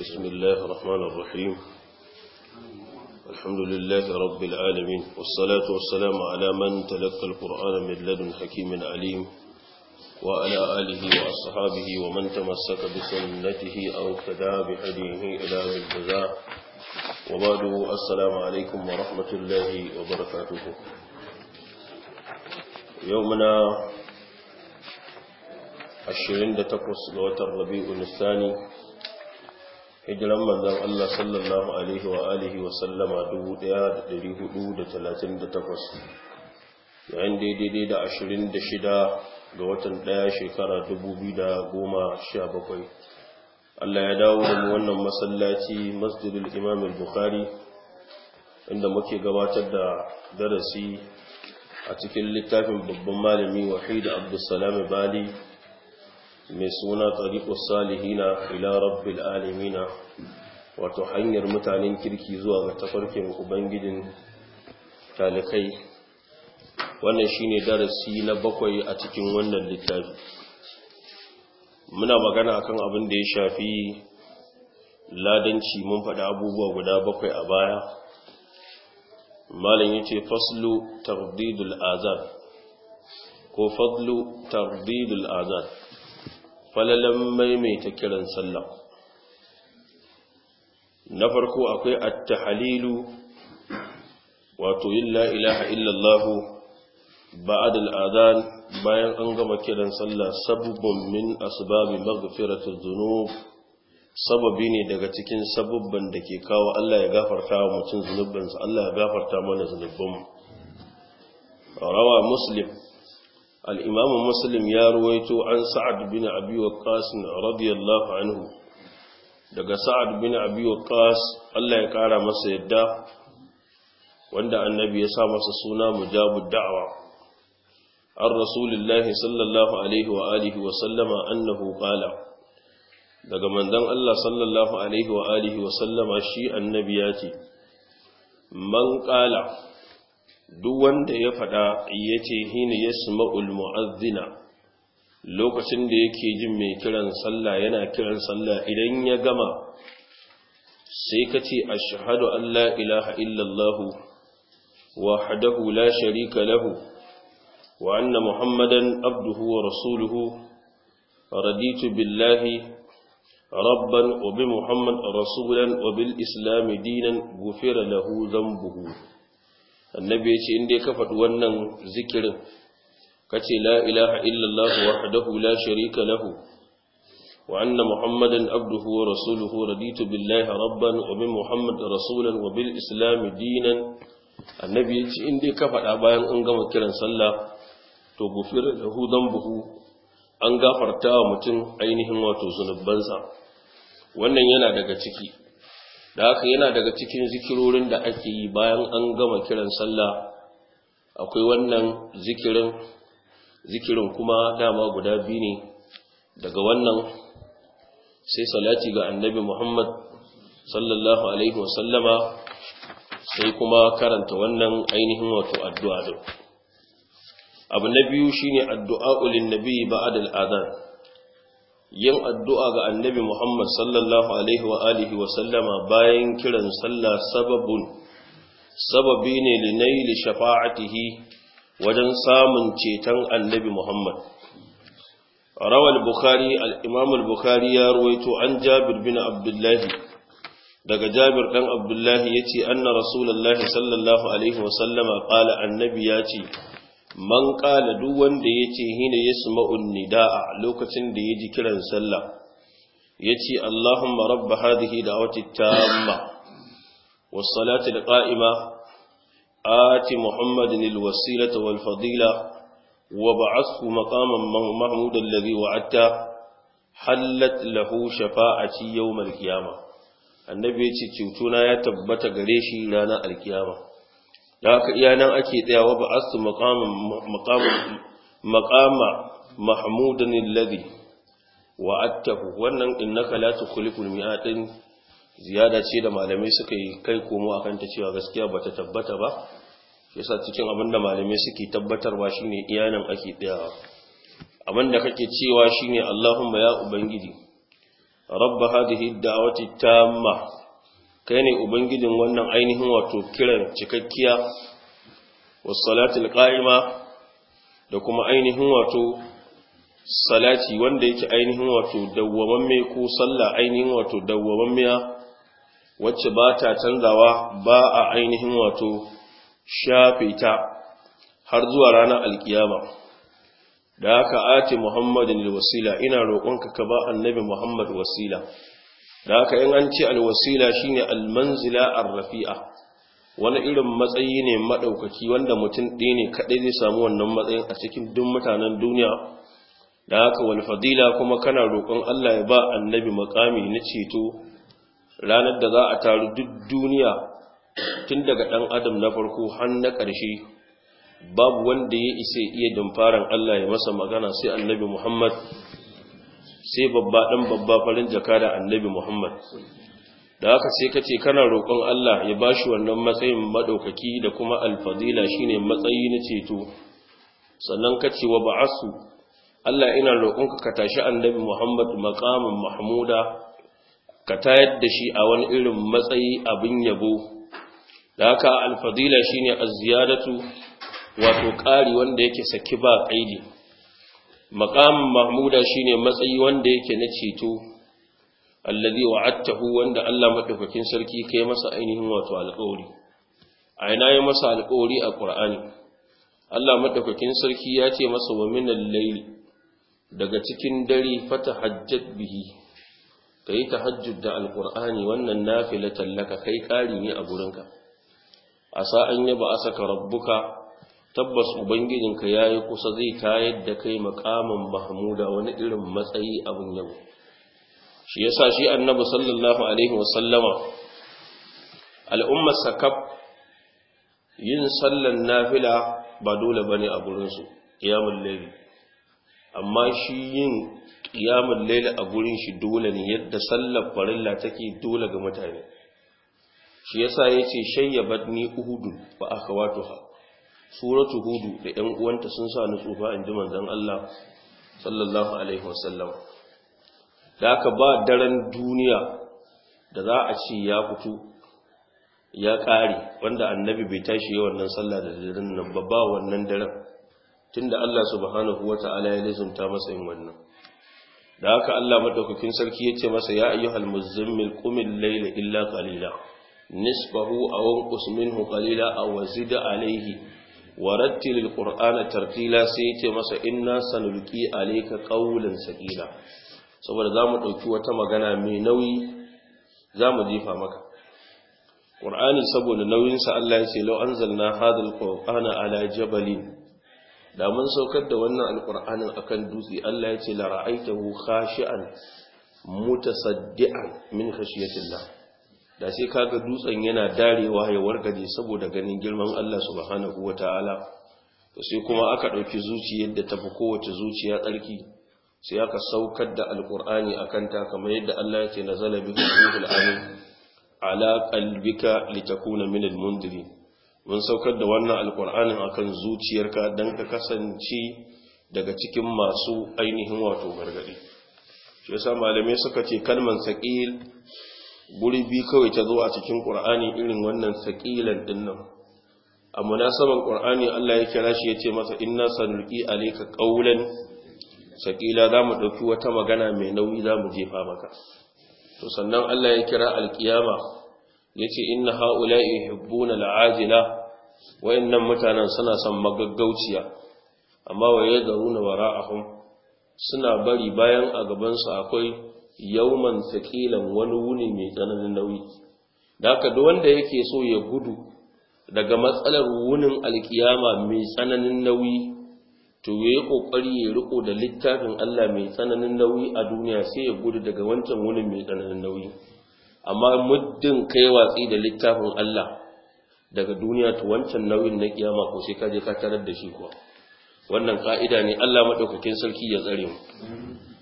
بسم الله الرحمن الرحيم الحمد لله رب العالمين والصلاة والسلام على من تلقى القرآن من لدن حكيم عليم وعلى آله وأصحابه ومن تمسك بسنته أو فدا بهديه إلى الجزاء وبعد السلام عليكم ورحمة الله وبركاته يومنا 28 ga لوتر ربيع الثاني hijiran manzon Allah sallallahu alaihi wa alihi wa sallama 1438 yayin daidai da ashirin da shida ga watan daya shekara dubu da goma sha bakwai. Allah ya dawo da mu wannan masallaci Masjidul Imam Bukhari inda muke gabatar da darasi a cikin littafin babban malami Wahid Abdulsalam Bali mai suna tariqus salihina ila rabbil alamina wato hanyar mutanen kirki zuwa ga tafarkin ubangijin talikai wannan shine darasi na bakwai a cikin wannan littafi muna magana a kan abin da ya shafi ladanci mun faɗi abubuwa guda bakwai a baya malam yace faslu tardidul azan ko fadlu tardidul azan falalan maimaita kiran sallah na farko akwai at-tahlilu wato illa ilaha illallah ba'da al-adhan bayan an gama kiran sallah sababun min asbabi maghfiratul dhunub sababi ne daga cikin sabbin da ke kawo Allah ya gafarta wa mutum zunubansa Allah ya gafarta mana zunubanmu rawa muslim الإمام مسلم يرويت عن سعد بن أبي وقاص رضي الله عنه daga sa'ad bin abi waqas Allah ya ƙara masa yadda wanda annabi ya sa masa suna mujabud da'wa an rasulullahi sallallahu alaihi wa alihi wa sallama annahu daga manzon Allah sallallahu alaihi wa alihi wa shi annabi ya ce man duk wanda ya faɗa ya ce hina ya sima'ul mu'azzina lokacin da yake jin mai kiran sallah yana kiran sallah idan ya gama sai ka ce a shahadu Allah ilaha illallahu wa hadahu la sharika lahu wa anna muhammadan abduhu wa rasuluhu raditu billahi rabban wa bi muhammad rasulan wa bil islami dinan gufira lahu zambuhu annabi ya ce in dai ka faɗi wannan zikirin ka ce la ilaha illallah wahdahu la sharika lahu wa anna muhammadan abduhu wa rasuluhu raditu billahi rabban wa bi muhammad rasulan wa bil islam dinan annabi ya ce in dai ka faɗa bayan an gama kiran sallah to gufir lahu buhu an gafarta wa mutum ainihin wato zunubansa wannan yana daga ciki da haka yana daga cikin zikirorin da ake yi bayan an gama kiran sallah akwai wannan zikirin zikirin kuma dama guda biyu ne daga wannan sai salati ga annabi Muhammad sallallahu alaihi wasallama sai kuma karanta wannan ainihin wato addu'a din abu na biyu shine addu'a ulin nabi ba'da adhan yin addu'a ga annabi Muhammad sallallahu Alaihi wa alihi wa sallama bayan kiran sallah sababun, sababi ne linaili shafa'atihi wajen samun ceton annabi Muhammad. Rawar Bukhari, al'imamul Bukhari ya ruwaito an Jabir bin Abdullahi, daga Jabir ɗan Abdullahi ya ce, Anna Rasulallah sallallahu Alaihi wa sallama ƙala annabi ya ce, man ƙala duk wanda ya ce hina ya sama'un da'a lokacin da ya ji kiran sallah ya ce Allahumma rabba hadihi da wata tamma wasalatu da ƙa'ima ati Muhammadin alwasilata wal fadila wa ba'athu maqaman mahmudan alladhi wa'atta hallat lahu shafa'ati yawm al-qiyamah annabi ya ce cutuna ya tabbata gare shi ranar alkiyama da haka iya nan ake wa ba asu maqama mahmudan alladhi wa'attahu wannan innaka la tukhliful mi'adin ziyada ce da malamai suka yi kai komo akan ta cewa gaskiya bata tabbata ba yasa cikin abinda malamai suke tabbatar tabbatarwa shine iyanan ake tsayawa abinda kake cewa shine Allahumma ya ubangiji rabb hadhihi ad-da'wati tamma kai ne ubangijin wannan ainihin wato kiran cikakkiya wasalatul qa'ima da kuma ainihin wato salati wanda yake ainihin wato mai ko sallah ainihin wato miya wacce ba ta canzawa ba a ainihin wato shafe ta har zuwa ranar alkiyama da haka ati muhammadin wasila ina roƙonka ka ba annabi muhammad wasila da haka in an ce alwasila shine almanzila arrafi'a wani irin matsayi ne maɗaukaki wanda mutum ɗaya ne kaɗai zai samu wannan matsayin a cikin duk mutanen duniya da aka wani fadila kuma kana roƙon Allah ya ba annabi makami na ceto ranar da za a taru duk duniya tun daga ɗan adam na farko har na ƙarshe babu wanda ya isa iya dumfaran Allah ya masa magana sai annabi Muhammad sai babba ɗan babba farin jaka da annabi Muhammad da haka sai ka ce kana roƙon Allah ya ba shi wannan matsayin madaukaki da kuma alfadila shine matsayi na ceto sannan ka ce wa ba'asu Allah ina roƙon ka tashi annabi Muhammad maqamin mahmuda ka tayar da shi a wani irin matsayi abin yabo da haka alfadila shine az-ziyadatu wato ƙari wanda yake saki ba ƙaidi maqam mahmuda shine matsayi wanda yake na ceto allazi wa'adtahu wanda Allah madaukakin sarki kai masa ainihin wato alƙawari a ina ya masa alƙawari a Qur'ani Allah madaukakin sarki ya ce masa wa minal layli daga cikin dare fatahajjat bihi kai tahajjud da alqur'ani wannan nafilatan laka kai kari ne a gurinka asa an yaba asaka rabbuka tabbas ubangijinka ya yi kusa zai tayar da kai makaman mahmuda wani irin matsayi abin yau. shi sa shi annabi sallallahu alaihi wasallama al'ummar sakab yin sallan nafila ba dole ne a gurinsu qiyamul layl amma shi yin qiyamul layl a gurin shi dole ne yadda sallar farilla take dole ga mutane shi yasa yace ba uhudun wa akhawatuha suratu hudu da ‘yan uwanta sun sa ni tsufa in ji manzan Allah sallallahu Alaihi wasallam da aka ba daren duniya da za a ce ya fito ya ƙare wanda annabi bai tashi yi wannan sallah da daren nan ba ba wannan daren tunda Allah subhanahu wa ta'ala ya lizumta masa yin wannan da haka Allah madaukakin sarki ya ce masa ya ayyuhal muzammil kumin laila illa qalila nisfahu aw unqus minhu qalila aw zid alayhi warattil alqur'ana tartila sai yace masa inna sanulqi alayka qawlan saqila saboda zamu dauki wata magana mai nauyi zamu jefa maka qur'ani saboda nauyin sa Allah yace law anzalna hadhal qur'ana ala jabalin da mun saukar da wannan alqur'anin akan dutse Allah yace la ra'aytahu khashi'an mutasaddian min khashiyatillah da sai kaga dutsen yana darewa ya wargaje saboda ganin girman Allah subhanahu ta'ala to sai kuma aka ɗauki zuciyar da tafi kowace zuciya tsarki sai aka saukar da alqur'ani akan ta kamar yadda Allah yake nazala bi ruhul amin ala qalbika litakuna min mundiri mun saukar da wannan alqur'anin akan zuciyarka dan ka kasance daga cikin masu ainihin wato gargadi shi yasa malamai suka ce kalman saqil guri bi kawai ta zo a cikin ƙur'ani irin wannan saƙilan dinnan a munasaban ƙur'ani Allah ya kira shi ya ce masa inna sanulki alayka qawlan saƙila za mu ɗauki wata magana mai nauyi za mu jefa maka to sannan Allah ya kira alƙiyama ya ce inna ha'ula'i yuhibbuna al'ajila wayannan mutanen suna son magaggauciya amma waye garuna wara'ahum suna bari bayan a gabansu akwai yawman saƙilan wani wuni mai tsananin nauyi da haka duk wanda yake so ya gudu daga matsalar wunin alkiyama mai tsananin nauyi to ya yi kokari ya riko da littafin Allah mai tsananin nauyi a duniya sai ya gudu daga wancan wunin mai tsananin nauyi amma muddin kai watsi da littafin Allah daga duniya to wancan nauyin na kiyama ko sai ka je ka tarar da shi kuwa wannan ka'ida ne Allah madaukakin sarki ya tsare mu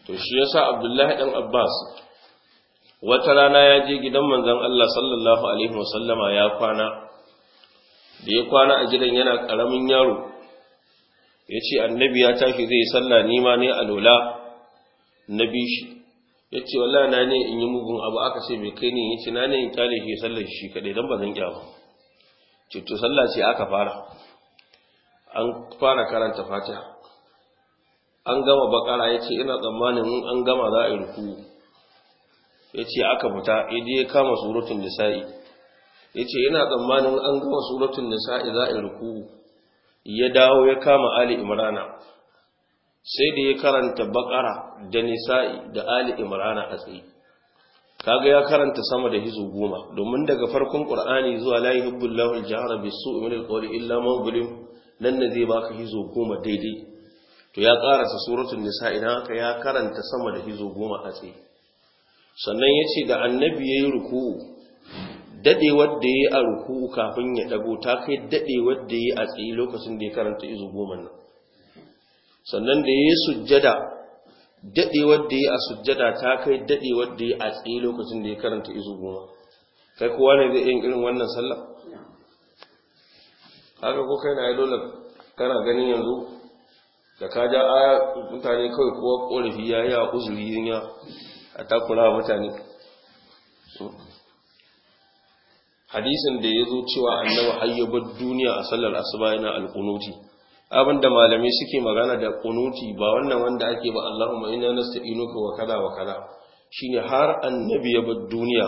to shi yasa abdullahi dan abbas wata rana ya je gidan manzon Allah sallallahu alaihi wasallama ya kwana da ya kwana a gidan yana karamin yaro ya ce annabi ya tashi zai sallah ni ma ne alola na bi shi ya ce wallahi na ne in yi mugun abu aka ce mai kai ne ya ce na ne in kyale shi sallar shi kaɗai dan bazan zan ba ce to sallah ce aka fara an fara karanta fatiha an gama bakara ya ce ina tsammanin in an gama za a yi ruku ya ce aka fita idan ya kama suratun nisa'i ya ce ina tsammanin an gama suratun nisa'i za a yi ruku ya dawo ya kama ali imrana sai da ya karanta bakara da nisa'i da ali imrana a tsaye kaga ya karanta sama da hizo goma domin daga farkon qur'ani zuwa la yuhibbullahu al-jahra bis-su'i min al-qawli illa man zulim nan ne zai baka hizo goma daidai to ya karasa suratul nisa idan haka ya karanta sama da hizo goma a tsaye sannan ya ce da annabi ya yi ruku dadewar da ya yi a ruku kafin ya ɗago ta kai dadewar da ya yi a tsaye lokacin da ya karanta izo goma nan sannan da ya yi sujjada dadewar da ya yi a sujjada ta kai dadewar da ya yi a tsaye lokacin da ya karanta izo goma kai kowa ne zai yin irin wannan sallah haka ko kai na yi dole kana ganin yanzu da ka ja a mutane kawai kowa ƙorafi ya yi a uzuri ya a takura mutane hadisin da ya zo cewa annabi hayyabar duniya a sallar asuba yana alkunuti abin da malamai suke magana da kunuti ba wannan wanda ake ba Allahumma nasta inuka wa kaza wa Shi shine har annabi ya bar duniya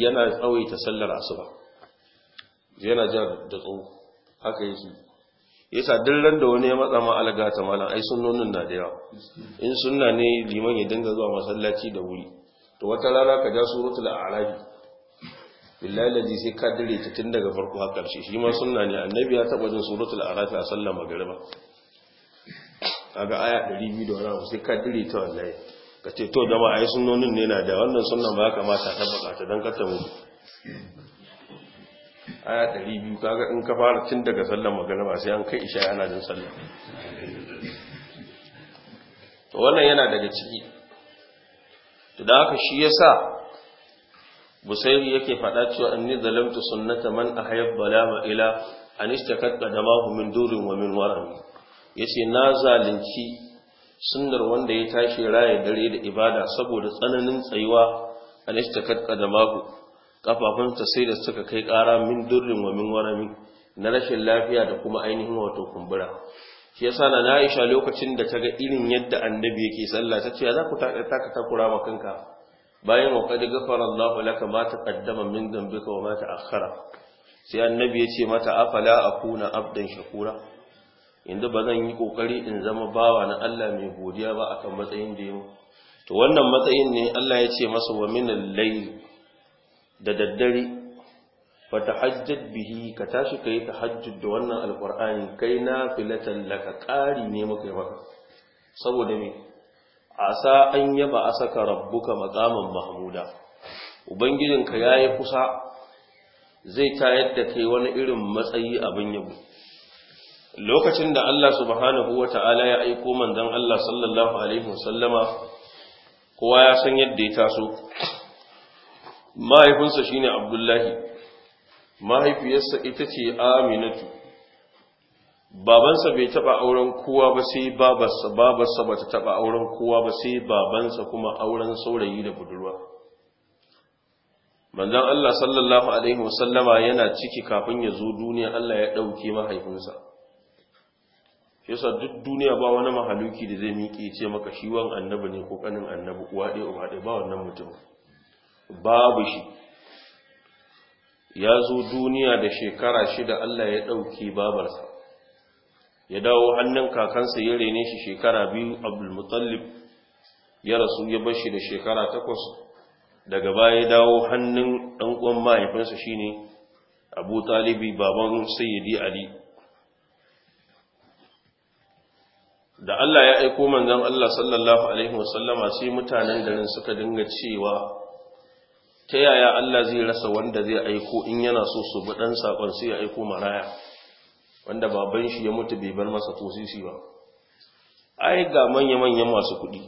yana tsawaita sallar asuba yana ja da tsawo haka yake yasa duk da wani ya matsa ma alaga ta malam ai sunnonin na da yawa in sunna ne liman ya dinga zuwa masallaci da wuri to wata rana ka ja suratul a'rafi billahi ladi sai ka dire ta tun daga farko har karshe shi ma sunna ne annabi ya taba jin suratul a'rafi a sallar magriba kaga aya 200 da wani abu sai ka dire ta wallahi ka ce to jama'a ai sunnonin ne na da wannan sunnan ba ya kamata ta baka dan ka ta aya ɗari biyu kaga in ka fara tun daga sallar ba sai an kai isha yana jin sallar. wannan yana daga ciki da haka shi ya sa busairi yake faɗa cewa ni zalamtu sunnata man ahayab balama ila an da qadamahu min durin wa min waram yace na zalunci sunnar wanda ya tashi raye dare da ibada saboda tsananin tsayuwa an da qadamahu kafafunsa sai da suka kai kara min durrin wa min warami na rashin lafiya da kuma ainihin wato kumbura shi yasa na Aisha lokacin da ta ga irin yadda annabi yake sallah ta ce za ku taka takura ma kanka bayan wa qad ghafara Allahu laka ma taqaddama min dhanbika wa ma ta'akhkhara sai annabi ya ce mata afala akuna abdan shakura inda ba zan yi kokari in zama bawa na Allah mai godiya ba akan matsayin da yau to wannan matsayin ne Allah ya ce masa wa min al-layl da daddare fatahajjad bihi ka tashi ka kai tahajjud da wannan alqur'ani kai na filatan laka qari ne muka yi maka saboda me asa an yaba asaka rabbuka maqaman mahmuda ubangijin ka yayi kusa zai tayar da kai wani irin matsayi abin yabo lokacin da Allah subhanahu wata'ala ya aiko manzon Allah sallallahu alaihi wasallama kowa ya san yadda ya taso mahaifinsa shi ne abdullahi mahaifiyarsa ita ce aminatu babansa bai taba auren kowa ba sai babarsa babarsa ta taba auren kowa ba sai babansa kuma auren saurayi da budurwa manzon Allah sallallahu alaihi wasallama yana ciki kafin ya zo duniya Allah ya ɗauke mahaifinsa yasa duk duniya ba wani mahaluki da zai miƙe ce maka shi wan annabi ne ko kanin annabi uwa ɗaya ba wannan mutum babu shi ya zo duniya da shekara shida Allah ya ɗauki babarsa ya dawo hannun kakansa ya rene shi shekara biyu abdulmutallib ya rasu ya bashi da shekara takwas daga baya ya dawo hannun ɗan uwan mahaifinsa shine abu talibi baban sayyidi ali da Allah ya aiko manzon Allah sallallahu alaihi wasallama sai mutanen garin suka dinga cewa ta yaya Allah zai rasa wanda zai aiko in yana so su bi dan sakon sai ya aiko maraya wanda baban shi ya mutu bai bar masa tosisi ba ai ga manya manya masu kuɗi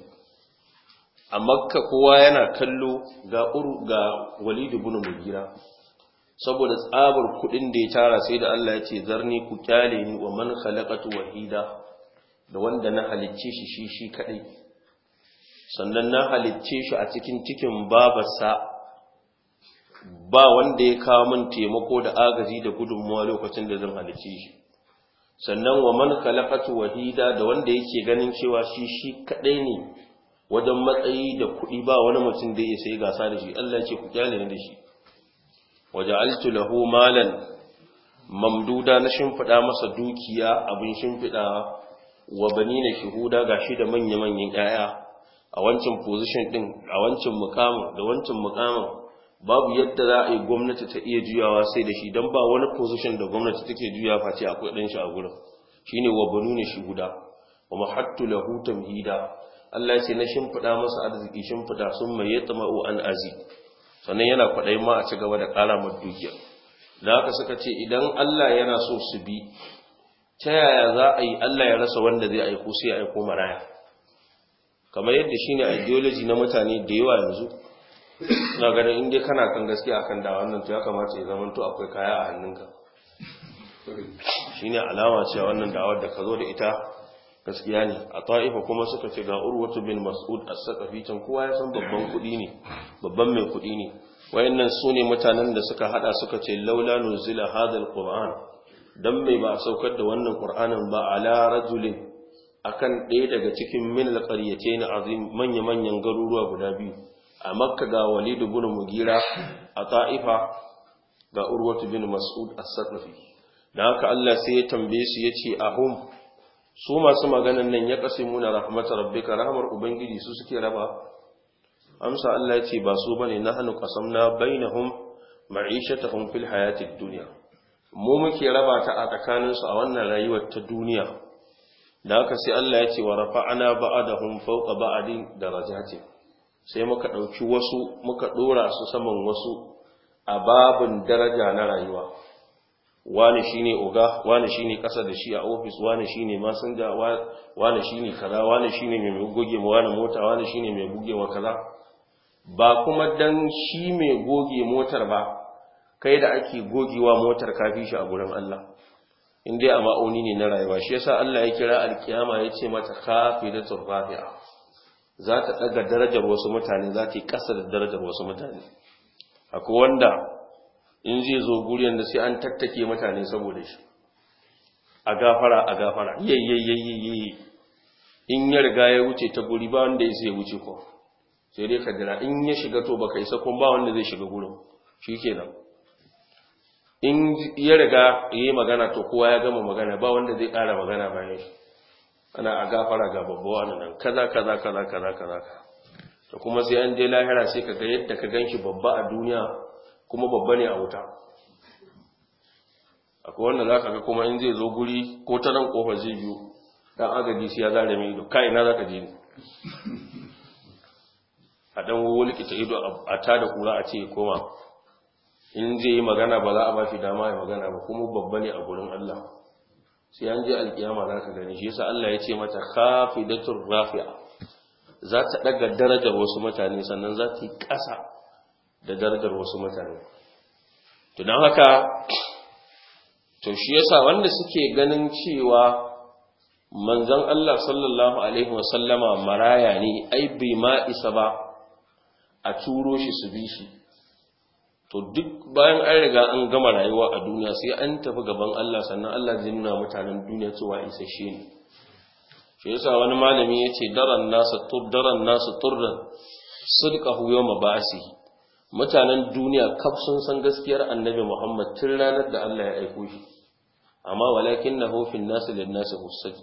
a makka kowa yana kallo ga uru ga Walidu bin mugira saboda tsabar kuɗin da ya tara sai da Allah ya ce zarni ku kyale ni wa man khalaqatu wahida da wanda na halicce shi shi shi kadai sannan na halicce shi a cikin cikin babarsa ba wanda ya kawo min taimako da agaji da gudunmuwa lokacin da zan halice shi sannan wa man khalaqatu wahida da wanda yake ganin cewa shi shi kadai ne wajen matsayi da kuɗi ba wani mutum da ya sai gasa da shi Allah ce ku kyale ni da shi waja'altu lahu malan mamduda na shimfida masa dukiya abin shimfida wa banina shuhuda gashi da manya manyan 'ya'ya a wancan position din a wancan mukamin da wancan mukamin babu yadda za a yi gwamnati ta iya juyawa sai da shi don ba wani position da gwamnati take juya face akwai ɗan shi a gurin shine wa banu ne shi guda wa mahattu lahu tamhida Allah ya ce na shimfiɗa masa arziki shimfiɗa sun mai yatma'u an azi sannan yana kwaɗai ma a ci gaba da ƙara ma dukiya da haka suka ce idan Allah yana so su bi ta yaya za a yi Allah ya rasa wanda zai aiko sai ya aiko maraya kamar yadda shine ideology na mutane da yawa yanzu na ganin inda kana kan gaskiya akan da wannan to ya kamata ya zama to akwai kaya a hannunka shine alama cewa wannan da'awar da ka zo da ita gaskiya ne a ta'ifa kuma suka ce ga urwatu bin mas'ud as-saqafi can kowa ya san babban kudi ne babban mai kudi ne wayannan sune mutanen da suka hada suka ce laula nuzila hadal quran dan mai ba saukar da wannan qur'anin ba ala rajulin akan ɗaya daga cikin min alqaryatayn azim manya manyan garuruwa guda biyu a makka ga walidu bin mugira a ta'ifa ga urwatu bin mas'ud as-saqafi dan haka Allah sai ya tambaye su yace ahum su masu maganan nan ya muna rahmatar rabbika rahmar ubangiji su suke raba amsa Allah yace ba su bane nahnu qasamna bainahum ma'ishatahum fil hayatid dunya mu muke raba ta a tsakanin su a wannan rayuwar ta duniya da haka sai Allah yace wa rafa'ana ba'dahum fawqa ba'din darajatin sai muka ɗauki wasu muka ɗora su saman wasu a babin daraja na rayuwa wani shine oga wani shine kasa da shi a ofis wani shine masinja wani shine kaza wani shine mai goge ma wani mota wani shine mai goge wa kaza ba kuma dan shi mai goge motar ba kai da ake gogewa motar kafi shi a gurin Allah in dai a ma'auni ne na rayuwa shi yasa Allah ya kira alkiyama ce mata kafi da tsurfafiya za ta ɗaga darajar wasu mutane za ta yi ƙasa da darajar wasu mutane akwai wanda in zai zo guri da sai an tattake mutane saboda shi a gafara a gafara yayyayyayi in ya riga ya wuce ta guri ba wanda ya sai wuce ko sai dai ka jira in ya shiga to baka isa kun ba wanda zai shiga gurin shi kenan in ya riga ya yi magana to kowa ya gama magana ba wanda zai ƙara magana bayan shi ana a gafara ga babbawa nan kaza kaza kaza kaza kaza to kuma sai an je lahira sai kaga yadda ka ganshi babba a duniya kuma babba ne a wuta akwai wanda zaka ga kuma in zai zo guri ko ta nan kofar zai biyo dan agaji sai ya zare mai ido kai na zaka je ni a dan likita ido a ta da kura a ce koma in zai yi magana ba za a ba shi dama ya magana ba kuma babba ne a gurin Allah sai an je alkiyama za ka gani shi yasa Allah ya ce mata khafidatur rafi'a za ta daga darajar wasu mutane sannan za ta yi ƙasa da darajar wasu mutane to don haka to shi yasa wanda suke ganin cewa manzon Allah sallallahu alaihi wasallama maraya ne ai bai ma isa ba a turo shi su bi shi to duk bayan an riga an gama rayuwa a duniya sai an tafi gaban Allah sannan Allah zai nuna mutanen duniya cewa isasshe ne shi yasa wani malami ya ce daran nasa tur daran nasa turran huyo yawma ba'si mutanen duniya kaf sun san gaskiyar annabi Muhammad tun ranar da Allah ya aiko shi amma na fil nasu lin nasu husaj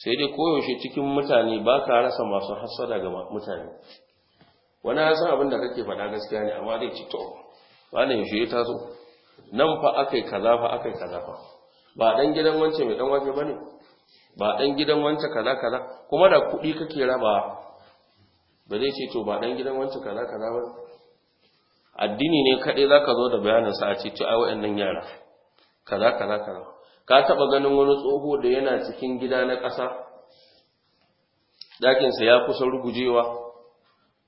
sai dai koyaushe cikin mutane ba ka rasa masu hassada ga mutane wani ya san abin da kake faɗa gaskiya ne amma dai ci to wani yaushe ya taso nan fa akai kaza fa akai kaza fa ba dan gidan wance mai dan wake bane ba dan gidan wance kaza kaza kuma da kuɗi kake raba ba zai ce to ba dan gidan wance kaza kaza ba addini ne kadai zaka zo da bayanin sa a ce to ai wayannan yara kaza kaza kaza ka taba ganin wani tsoho da yana cikin gida na ƙasa dakin sa ya kusa rugujewa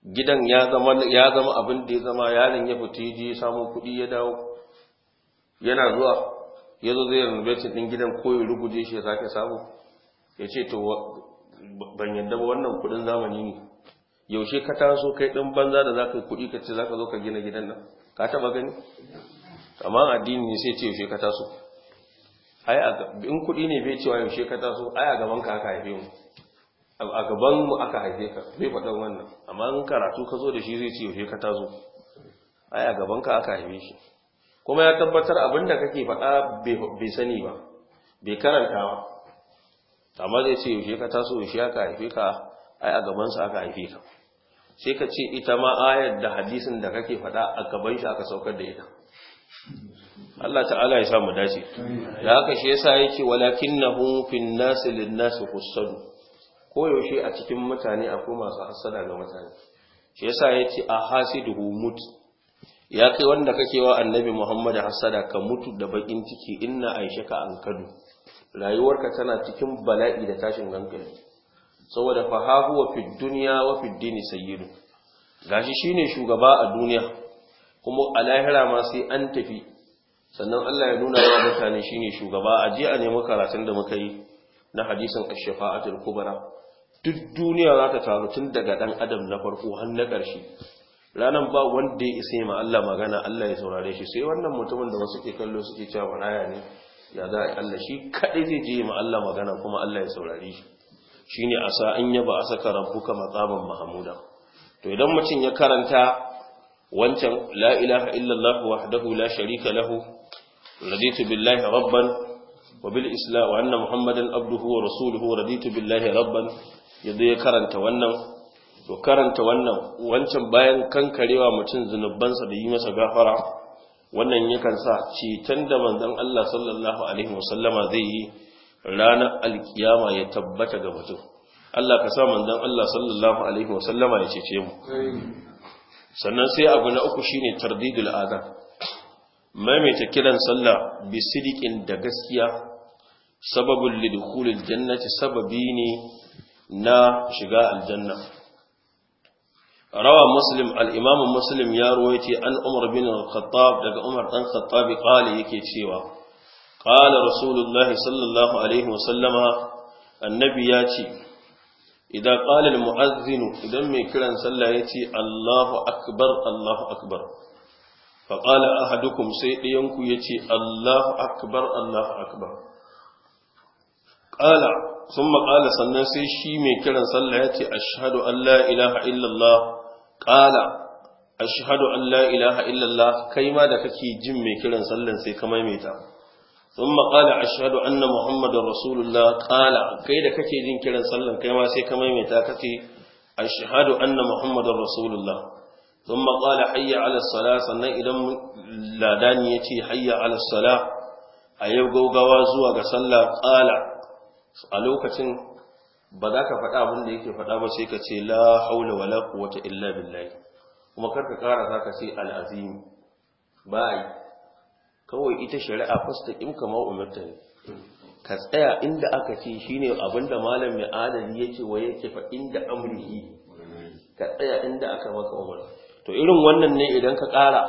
gidan ya zama ya zama abin da ya zama yaron ya fita ya je ya samu kuɗi ya dawo yana zuwa ya zo zai renovation din gidan ko ya ruguje shi ya sake samu ya ce to ban yadda ba wannan kuɗin zamani ne yaushe ka taso kai ɗin banza da zaka yi kuɗi ka ce zaka zo ka gina gidan nan ka taɓa gani amma addini ne sai ce yaushe ka taso ai in kuɗi ne bai cewa yaushe ka taso ai a gaban ka haka haife mu a gaban mu aka haife ka zai faɗan wannan amma in karatu ka zo da shi zai ce yaushe ka tazo ai a gaban ka aka haife shi kuma ya tabbatar abin da kake faɗa bai sani ba bai karanta ba amma zai ce yaushe ka taso yaushe aka haife ka ai a gaban sa aka haife ka sai ka ce ita ma ayar da hadisin da kake faɗa a gaban shi aka saukar da ita Allah ta'ala ya samu dace da haka shi yasa yake walakinnahu fin nasi lin nasi hussadu koyaushe a cikin mutane akwai masu hassada ga mutane shi yasa ya ce a hasidu humut ya kai wanda kake wa annabi muhammad hassada ka mutu da bakin ciki inna aisha ka an kadu rayuwarka tana cikin bala'i da tashin hankali saboda fahahu wa fi dunya wa fi dini sayyidu gashi shine shugaba a duniya kuma a lahira ma sai an tafi sannan Allah ya nuna wa mutane shine shugaba a jiya ne karatun da muka yi na hadisin ash-shafa'atul kubra duk duniya za ta taru tun daga ɗan adam na farko har na ƙarshe ranar ba wanda ya isa ma Allah magana Allah ya saurare shi sai wannan mutumin da wasu ke kallo suke cewa maraya ne ya za a yi Allah shi kaɗai zai je ma Allah magana kuma Allah ya saurare shi shi ne asa an yaba a saka rabbuka matsaban mahamuda to idan mutum ya karanta wancan la ilaha illallah wahdahu la sharika lahu raditu billahi rabban wa bil islam wa anna muhammadan abduhu wa rasuluhu raditu billahi rabban ya zo ya karanta wannan to karanta wannan wancan bayan kankarewa mutum zunubansa da yi masa gafara wannan yakan sa ceton da manzon Allah sallallahu alaihi wasallama zai yi ranar alkiyama ya tabbata ga mutum Allah ka sa manzon Allah sallallahu alaihi wasallama ya cece mu sannan sai abu na uku shine tardidul adab maimaita kiran sallah bi sidiqin da gaskiya sababul lidkhulil jannati sababi ne na shiga aljanna rawa muslim al'imamin muslim ya ruwaiti an umar bin khattab daga umar ɗan khattabi ƙali yake cewa ƙala rasulullahi sallallahu alaihi wasallama annabi ya ce idan ƙalil mu'azzinu idan mai kiran sallah ya ce allahu akbar allahu akbar faƙala ahadukum sai ɗayanku ya ce allahu akbar allahu akbar Ƙala, sun maƙala sannan sai shi mai kiran sallah ya ce ashhadu an la ilaha illallah Ƙala, ashhadu an la ilaha illallah kai ma da kake jin mai kiran sallan sai ka maimaita Sun maƙala qala ashhadu anna muhammadar rasulullah Ƙala, kai da kake jin kiran sallan kai ma sai ka maimaita kake kace ashhadu anna muhammadar rasulullah Sun maƙala حي على الصلاة sannan idan ladani ya yace hayya ala salah a yau gaugawa zuwa ga sallah ƙala. a lokacin ba za ka faɗa abin da yake faɗa ba sai ka ce la haula wala quwwata illa billahi kuma kar ka ƙara za ka ce al'azimi ba yi kawai ita shari'a fasta in kama umarta ne ka tsaya inda aka ce shine abinda malam mai adali yake wa yake fa inda amrihi ka tsaya inda aka maka umar. to irin wannan ne idan ka ƙara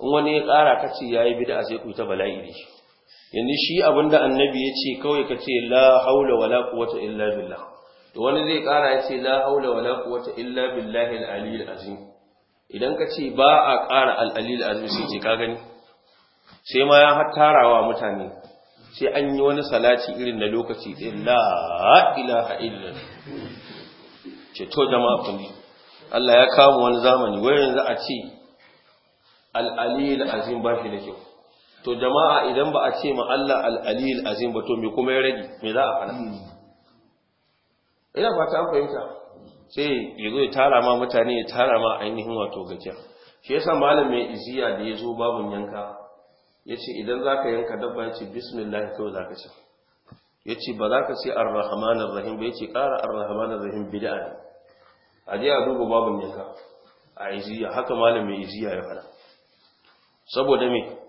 in wani ya ƙara ka ce yayi bid'a sai ku ta bala'i da shi yanzu shi abinda annabi ya ce kawai ka ce la haula wala quwwata illa billah to wani zai kara ya ce la haula wala quwwata illa billahi al al azim idan ka ce ba a kara al al azim sai ce ka gani sai ma ya hattarawa mutane sai an yi wani salati irin na lokaci ɗin la ilaha illa ce to jama'a kun Allah ya kama wani zamani wai yanzu a ce al al azim ba shi da kyau to jama'a idan ba a ce ma Allah al-alil azim ba to me kuma ya rage me za a fara hmm. ina fata an fahimta sai ya zo ya tara ma mutane ya tara ma ainihin wato gajiya shi yasa malam mai iziya da ya zo babun yanka ya ce idan za ka yanka dabba ya ce bismillah kawai za ka ce ya ce ba za ka ce ar rahim ba ya ce ƙara ar rahim bida ne a je a duba babun yanka a iziya haka malam mai iziya ya fara saboda me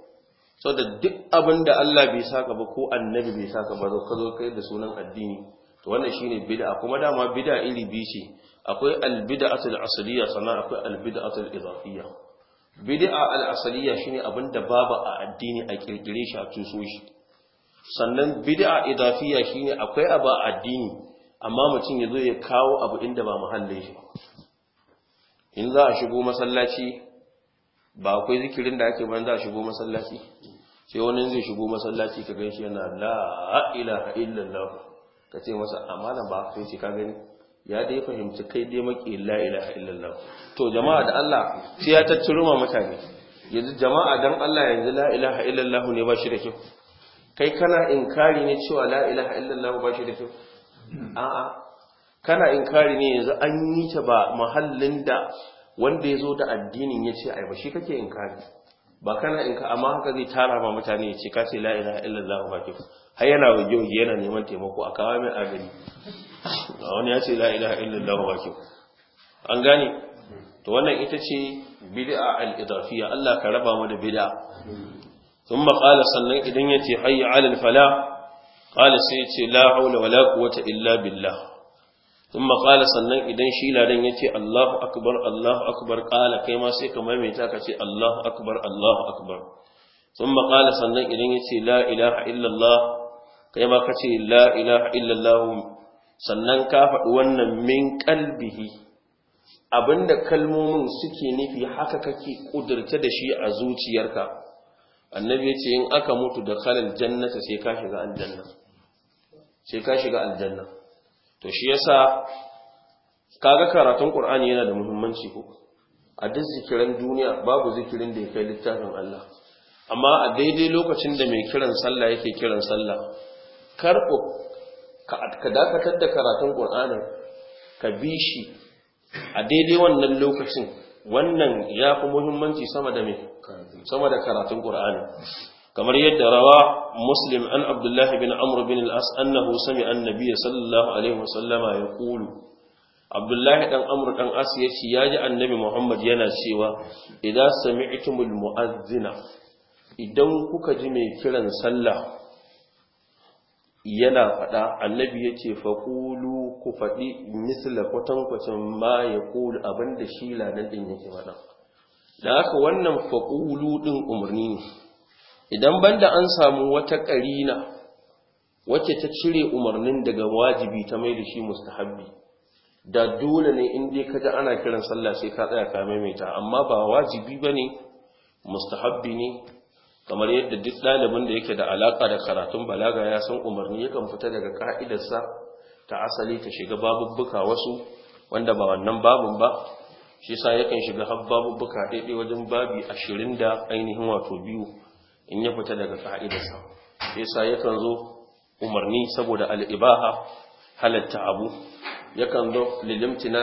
so da duk abin da Allah bai saka ba ko annabi bai saka ba ka zo kai da sunan addini to wannan shine bid'a kuma dama bid'a iri biyu ce akwai al asliyya sannan akwai al idafiyya bid'a al-asliyya shine abin da babu a addini a kirkire shi a tuso shi sannan bid'a idafiyya shine akwai abu a addini amma mutum yazo ya kawo abu inda ba muhallin shi in za a shigo masallaci ba akwai zikirin da ake ban za a shigo masallaci sai wani zai shigo masallaci ka ganshi yana la ilaha illallah ka ce masa amana ba kai ce ka gani ya dai fahimci kai dai maki la ilaha illallah to jama'a da Allah sai ya tattaro ma mutane yanzu jama'a dan Allah yanzu la ilaha illallah ne ba shi da kyau kai kana inkari ne cewa la ilaha illallah ba shi da kyau a'a kana inkari ne yanzu an yi ta ba mahallin da wanda ya zo da addinin ya ce ai ba shi kake inkari ba kana in ka amma haka zai tara ma mutane ya ce ka ce la ilaha illallah ba ke har yana wage wage yana neman taimako a kawo mai agari a wani ya ce la ilaha illallah ba ke an gane to wannan ita ce bid'a al-idafiyya Allah ka raba mu da bid'a thumma qala sannan idan yace hayya 'ala al-fala qala sai yace la hawla wala quwwata illa billah sun maƙala sannan idan shi ladan ya ce Allahu akbar Allahu akbar ƙala kai ma sai ka maimaita ka ce Allahu akbar Allahu akbar sun maƙala sannan idan ya ce la ilaha illallah kai ma ka la ilaha illallah sannan ka faɗi wannan min kalbihi abinda kalmomin suke nufi haka kake ƙudurta da shi a zuciyarka annabi ya ce in aka mutu da kalal jannata sai ka shiga aljanna sai ka shiga aljanna to shi yasa kaga karatun Qur'ani yana da muhimmanci ko a duk zikirin duniya babu zikirin da ya kai littafin Allah amma a daidai lokacin da mai kiran sallah yake kiran sallah karɓo ka dakatar da karatun qur'ani ka bi shi a daidai wannan lokacin wannan ya fi muhimmanci sama da mai sama da karatun Qur'ani kamar yadda rawa muslim an abdullahi bin amr bin al-as annahu sami annabi sallallahu alaihi wasallama ya kulu abdullahi dan amr dan as ya ji annabi muhammad yana cewa idza sami'tumul mu'adhdhina idan kuka ji mai kiran sallah yana faɗa annabi yace ce faƙulu ku faɗi misla kwatan ma ya ƙulu abinda shi ladan ɗin yake faɗa da haka wannan faƙulu ɗin umarni ne idan banda an samu wata ƙarina wacce ta cire umarnin daga wajibi ta mai da shi mustahabbi da dole ne in dai kaji ana kiran sallah sai ka tsaya ka maimaita amma ba wajibi bane mustahabbi ne kamar yadda duk ɗalibin da yake da alaka da karatun balaga ya san umarni yakan fita daga ka'idarsa ta asali ta shiga babubbuka wasu wanda ba wannan babun ba shi sa yakan shiga har babubbuka daidai wajen babi ashirin da ainihin wato biyu in ya fita daga ka'idarsa yasa yakan zo umarni saboda al'ibaha halatta abu yakan zo lilimtina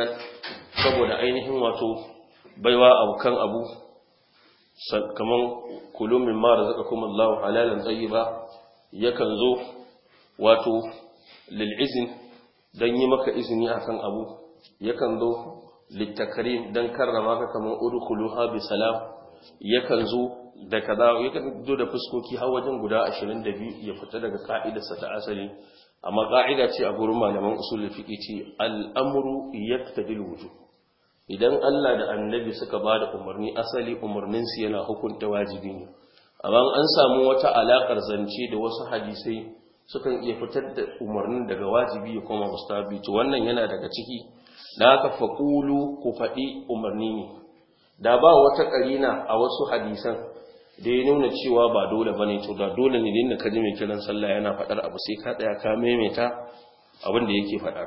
saboda ainihin wato baiwa abokan abu kamar kulumin mara zaka kuma Allah halalan tsayiba yakan zo wato lil'izin don yi maka izini akan abu yakan zo littakarim don karrama ka kamar udkhuluha bi salam yakan zo da kaza ya fito da fuskoki har wajen guda 22 ya fita daga ka'idarsa ta asali amma ka'ida ce a gurin malaman usulul fiqi ce al'amru al wujub idan Allah da annabi suka ba da umarni asali umarnin su yana hukunta wajibi ne amma an samu wata alakar zance da wasu hadisai sukan iya fitar da umarnin daga wajibi ya koma mustahabi to wannan yana daga ciki da haka faqulu ku faɗi umarni ne da ba wata ƙarina a wasu hadisan da ya nuna cewa ba dole bane to da dole ne dinda kaji mai kiran sallah yana faɗar abu sai ka tsaya ka maimaita abin da yake fada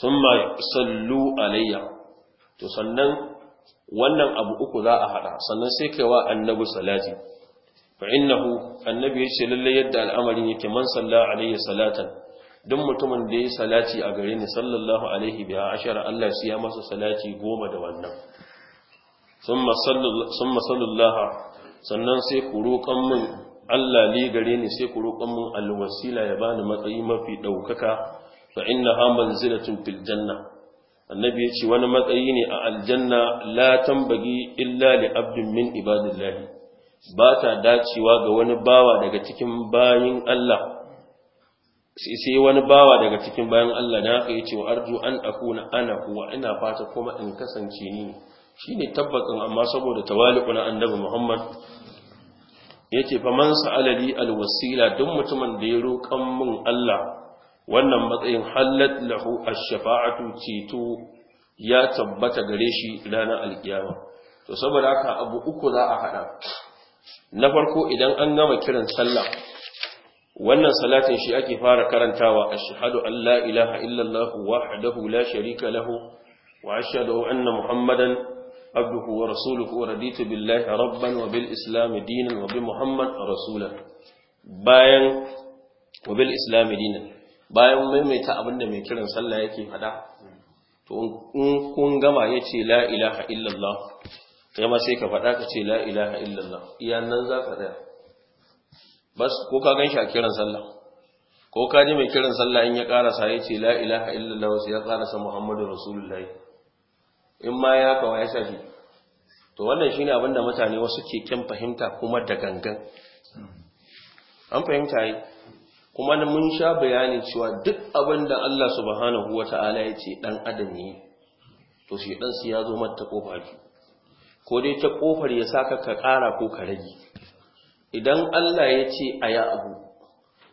thumma sallu alayya to sannan wannan abu uku za a haɗa, sannan sai kai wa annabi salati fa innahu annabi yace lalle yadda al'amarin yake man salla alayya salatan duk mutumin da ya salati a gare ni sallallahu alaihi biha ashara Allah ya masa salati goma da wannan ثم صلى الله sannan sai ku roƙon min Allah ne gare ni sai ku roƙon min alwasila ya bani matsayi mafi ɗaukaka fa ha manzilatun fil janna annabi ya ce wani matsayi ne a aljanna la tambagi illa li abdin min ibadillahi ba ta dacewa ga wani bawa daga cikin bayin Allah sai wani bawa daga cikin bayan Allah da haka yace wa arju an akuna ana kuwa ina fata kuma in kasance ni Shi ne tabbatin amma saboda tawali'u na annabi Muhammad ce fa man sa'alali alwasila duk mutumin da ya roƙan min Allah wannan matsayin hallat lahu ash-shafa'atu ceto ya tabbata gare shi ranar alkiyama to saboda haka abu uku za a haɗa, na farko idan an gama kiran sallah wannan salatin shi ake fara karantawa ashhadu an la ilaha illallah wahdahu la sharika lahu wa ashhadu anna muhammadan عبده ورسوله ورديت بالله ربا وبالإسلام دينا وبمحمد رسولا باين وبالإسلام دينا bayan maimaita abin da mai kiran sallah yake fada to in kun gama ya ce, la ilaha illallah kai ma sai ka fada ka ce la ilaha illallah iya nan za ka tsaya bas ko ka ganshi a kiran sallah ko ka ji mai kiran sallah in ya karasa ya ce la ilaha illallah wasu ya karasa muhammadu rasulullahi in ma ya kawo ya sabi to wannan shine abin da mutane wasu ke kin fahimta kuma da gangan an fahimta yi kuma da mun sha bayanin cewa duk abinda Allah subhanahu wata'ala ya ce dan adam ne to shi dan su ya zo mata kofa biyu ko dai ta kofar ya saka ka kara ko ka rage idan Allah ya ce a ya abu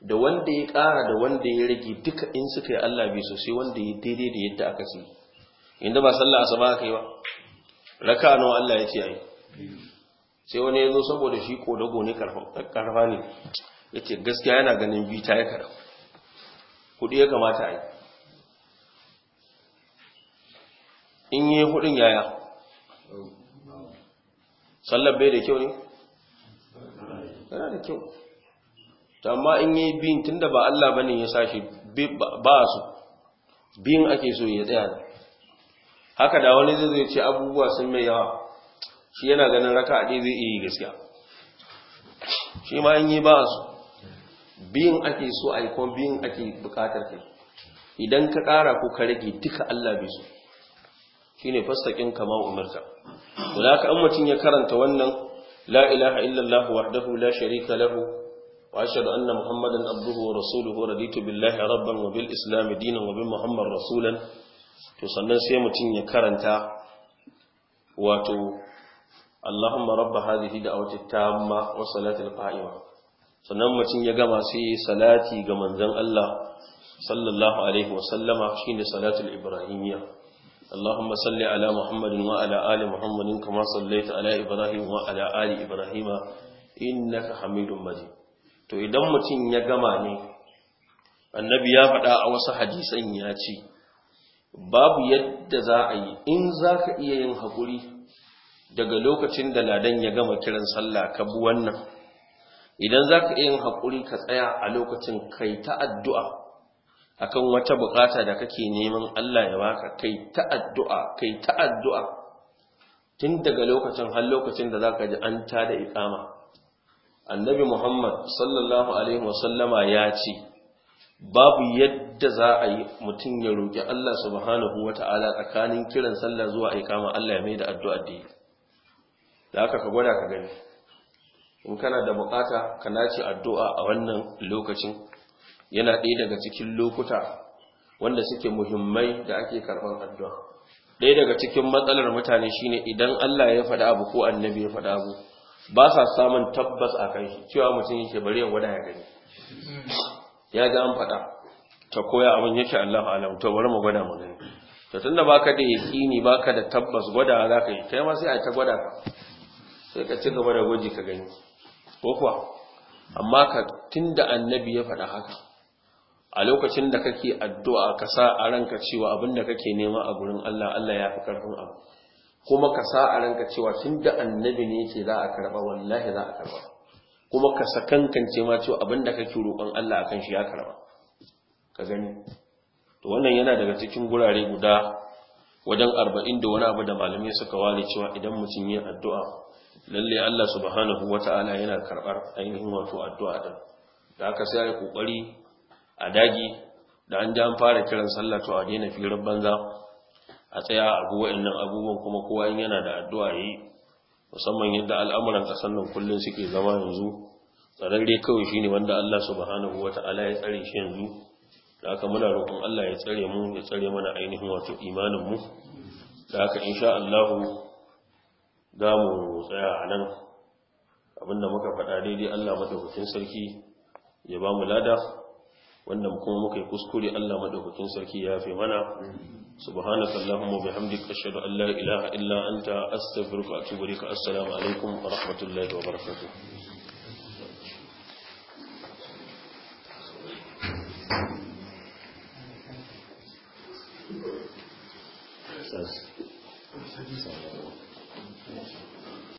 da wanda ya kara da wanda ya rage duka in suka yi Allah bai so sai wanda ya daidai da yadda aka ce inda ba sallah asuba aka yi ba raka nawa Allah ya ce ai sai wani ya zo saboda shi kodago ne karfa ne ya ce gaskiya yana ganin ta ya karau kudi ya kamata ai yi in yi hudin yaya sallar bai da kyau ne yana da kyau amma in yi biyun tunda ba Allah bane ya sashi ba su biyun ake so ya tsaya haka da wani zai zai ce abubuwa sun mai yawa shi yana ganin raka a zai iya gaskiya shi ma in yi ba su biyun ake so a yi kuma biyun ake bukatar kai idan ka ƙara ko ka rage duka Allah bai so shi ne fastaƙin kama umarta to da haka an mutum ya karanta wannan la ilaha illallah wahdahu la sharika lahu وأشهد أن محمدا عبده ورسوله رضيت بالله ربا وبالإسلام دينا وبمحمد رسولا to sannan sai mutum ya karanta wato Allahumma rabba hadhihi da'awati tamma wa salati al-qa'ima sannan mutum ya gama sai salati ga manzon Allah sallallahu alaihi wa sallama shine salatul ibrahimiyya اللهم صل على محمد وعلى آل محمد كما صليت على إبراهيم وعلى آل إبراهيم إنك حميد مجيد to idan mutum ya gama ne annabi ya faɗa a wasu hadisan ya ce babu yadda za a yi in za ka iya yin haƙuri daga lokacin da ladan ya gama kiran sallah ka bi wannan idan za ka iya yin haƙuri ka tsaya a lokacin kai ta addu'a a kan wata buƙata da kake neman Allah ya baka kai ta addu'a kai ta addu'a tun daga lokacin har lokacin da za ka ji an ta da iƙama annabi muhammad sallallahu alaihi wasallama ya ce babu yadda yadda za a yi mutum ya roƙi Allah subhanahu wata'ala tsakanin kiran sallah zuwa ma Allah ya mai da addu'a da yi da haka ka gwada ka gani in kana da bukata ka nace addu'a a wannan lokacin yana ɗaya daga cikin lokuta wanda suke muhimmai da ake karɓar addu'a ɗaya daga cikin matsalar mutane shine idan Allah ya faɗa abu ko annabi ya faɗa abu ba sa samun tabbas a kai cewa mutum yake bari ya gwada ya gani ya ga an faɗa ta koya abin yake Allah alam to bari mu gwada mu gani to tunda baka da yakini baka da tabbas gwada za ka yi kai ma sai a ta gwada ka sai ka ci gaba da gwaji ka gani ko kuwa amma ka tunda annabi ya faɗa haka a lokacin da kake addu'a ka sa a ranka cewa abin da kake nema a gurin Allah Allah ya fi karfin abu kuma ka sa a ranka cewa tunda annabi ne yake za a karba wallahi za a karba kuma ka sakankance ma cewa abin da kake roƙon Allah akan shi ya karba ka gani to wannan yana daga cikin gurare guda wajen arba'in da wani abu da malamai suka ware cewa idan mutum yi addu'a lalle Allah subhanahu wata'ala yana karɓar ainihin wato addu'a din da aka sai ai kokari a dagi da an ja an fara kiran sallah to a daina firar banza a tsaya a ga wayannan abubuwan kuma kowa in yana da addu'a yi musamman yadda al'amuran kasan nan kullun suke zama yanzu tsararre kawai shine wanda Allah subhanahu Ta'ala ya tsare shi yanzu da aka muna roƙon Allah ya tsare mu ya tsare mana ainihin wato imanin mu da aka insha Allah za mu tsaya a nan abinda muka faɗa daidai Allah madaukakin sarki ya ba mu lada wanda kuma muka yi kuskure Allah madaukakin sarki ya fi mana subhanaka allahumma bihamdika ashhadu an la ilaha illa anta astaghfiruka wa atubu ilaik assalamu alaikum wa rahmatullahi wa barakatuh